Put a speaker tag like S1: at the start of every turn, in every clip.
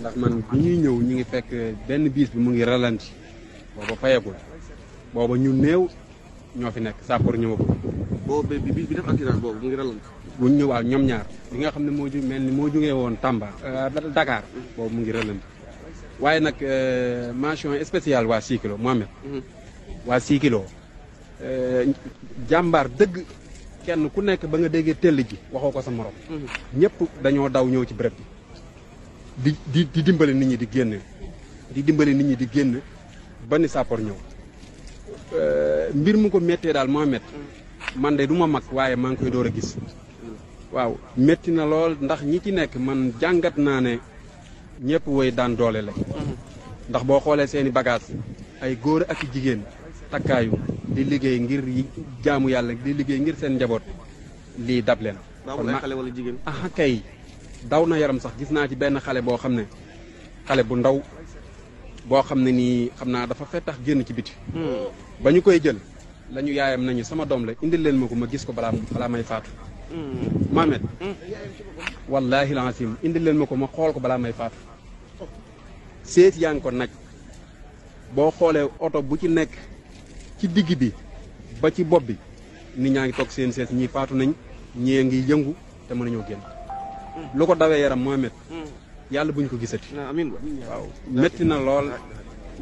S1: ndax man bi ñuy ñëw ñu ngi fekk benn biis bi mu ngi ralenti booba fayagul booba ñu néew ñoo fi nekk sàppor ñëwagul.
S2: boobu bi biis bi
S1: boobu mu ngi ralenti. bu ñëwaat ñoom ñaar bi nga xam ne moo ju mel ni moo jugee woon Tamba euh, Dakar boobu mu ngi ralenti waaye nag euh, mention spéciale waa Sikilo Mohamed. Mhm. waa Sikilo euh, jàmbaar dëgg. kenn ku nekk ba nga déggee tell ji waxoo ko sa morom. Mhm. ñëpp dañoo daw ñëw ci bërëb di di di dimbale nit ñi di génn di dimbale nit ñi di génn ba ni sàppar ñëw euh, mbir mu ko mettee daal Mohamed man de du ma mag waaye maa ngi koy door a gis waaw metti na lool ndax ñi ci nekk man jàngat naa ne ñëpp woy daan doole la ndax boo xoolee seeni bagaas ay góor ak i jigéen takkaayu di liggéey ngir jaamu yàlla di liggéey ngir seen njaboot lii dab leen. daw na yaram sax gis naa ci benn xale boo xam ne xale bu ndaw boo xam ne nii xam naa dafa fettax génn ci biti hmm. ba ñu koy jël lañu yaayam nañu sama doom la indil leen ma ko ma gis ko balaa balaa may faatu hmm. Mohamed hmm. wallaahi lancim indil leen ma ko ma xool ko balaa may faatu seet yaa ngi ko naj boo xoolee oto bu ci nekk ci digg bi ba ci bopp bi nit ñaa ngi toog seen seet ñii faatu nañ ñee ngi yëngu te mënuñoo génn lu ko dawee yaram moo métti yàlla buñ ko gisati amiin waaw métti na lool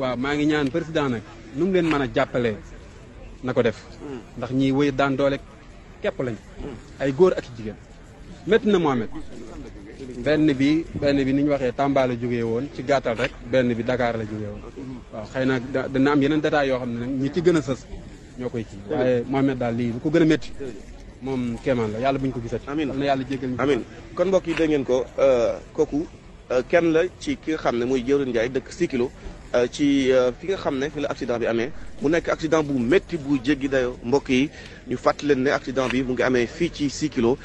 S1: waaw maa ngi ñaan président nag nu leen mën a jàppale na ko def mm. ndax ñiy wëy daan doole képp lañ mm. ay góor ak jigéen métti na moo métti benn bi benn bi ni ñu waxee Tamba la jógee woon ci gàttal rek benn bi Dakar la jógee woon waaw xëy na dana am yeneen détails yoo xam ne nag ñi ci gën a sës ñoo koy kii waaye Mohamed daal lii lu ko gën a moom kéemaan la yàlla buñ ko gisati. amiin na
S2: yàlla jégal ñu amiin kon mbokk yi dégg ngeen ko euh, kooku euh, kenn la ci ki nga xam ne mooy Jëwrin Njaay dëkk Sikilo euh, ci fi nga xam ne fi la accident bi amee mu nekk accident bu métti bu jéggi dayo mbokk yi ñu fàttali leen ne accident bi mu ngi amee fii ci Sikilo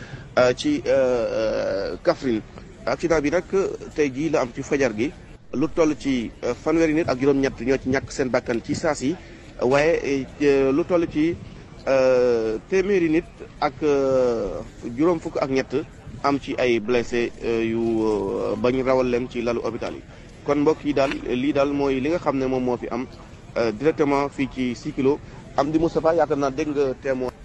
S2: ci Kaffrine accident bi nag tey jii la am ci fajar gi lu toll ci fanweeri nit ak juróom-ñett ñoo ci ñàkk seen bakkan ci saas yi waaye lu toll ci téeméeri nit ak euh, juróom fukk ak ñett am ci ay blessé euh, yu euh, bañ rawal leen ci lalu hôpital yi kon mbokk yi daal lii daal mooy li nga xam ne moom moo fi am directement fii ci Sikilo am di Moustapha yaakaar naa dégg nga témoin